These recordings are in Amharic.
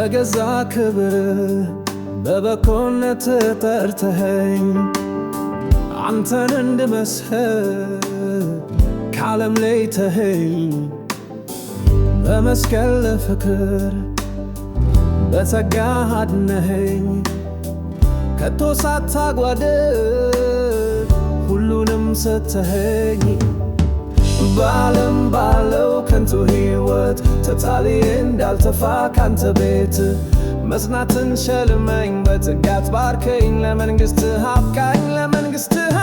በገዛ ክብር በበኮነት ጠርተኸኝ አንተን እንድመስህ ከዓለም ለይተኸኝ በመስቀል ለፍክር በጸጋ አድነኸኝ ከቶ ሳታጓድል ሁሉንም ሰተኸኝ በዓለም ባለው ከንቱ ሕይወት ተታሊ እንዳልተፋ ካንተ ቤት መጽናትን ሸልመኝ በትጋት ባርከኝ ለመንግሥትህ አብቃኝ ለመንግሥትህ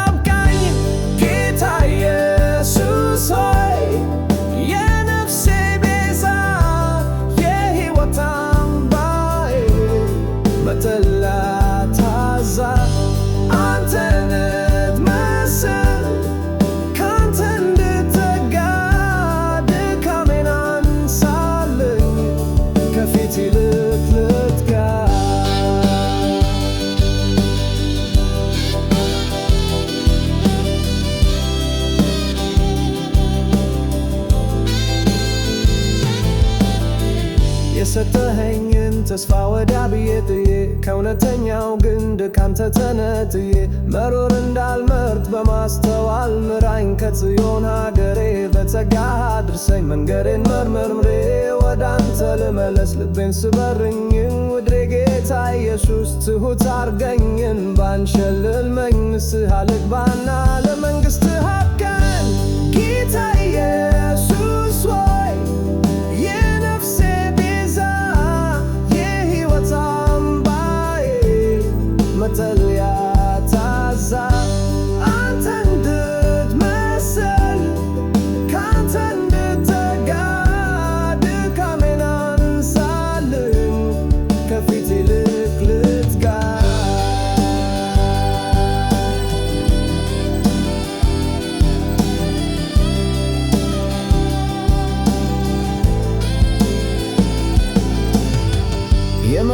የሰጠኸኝን ተስፋ ወዳብዬ ጥዬ ከእውነተኛው ግንድ ካንተ ተነጥዬ መሮር እንዳልመርጥ በማስተዋል ምራኝ ከጽዮን ሀገሬ በጸጋ አድርሰኝ መንገዴን መርመርምሬ ወደ አንተ ልመለስ ልቤን ስበርኝን ውድሬ ጌታ ኢየሱስ ትሁት አርገኝን ባንሸልል ንስሐ ልግባና ለመንግሥት ሀቅ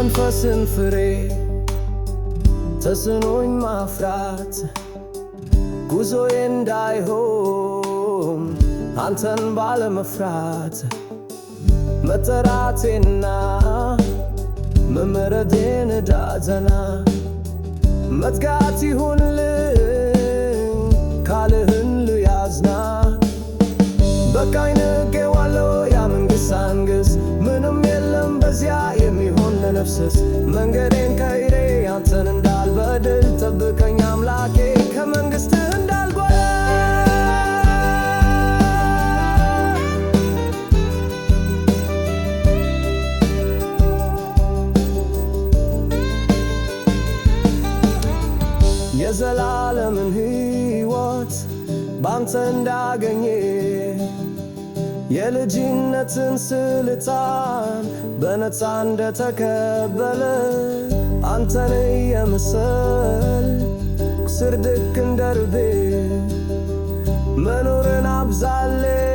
የመንፈስን ፍሬ ተስኖኝ ማፍራት ጉዞዬ እንዳይሆን አንተን ባለመፍራት መጠራቴና መመረዴን ዕዳ ዘና መትጋት ይሁንልኝ ካልህን ልያዝና በቃይን እንዳልደፍስስ መንገዴን ከይሬ አንተን እንዳልበድል ጠብቀኝ አምላኬ ከመንግስት እንዳልጎዳ የዘላለምን ሕይወት ባንተ እንዳገኘ የልጅነትን ስልጣን በነፃ እንደተከበለ አንተን የምስል ስርድክ እንደርቤ መኖርን አብዛሌ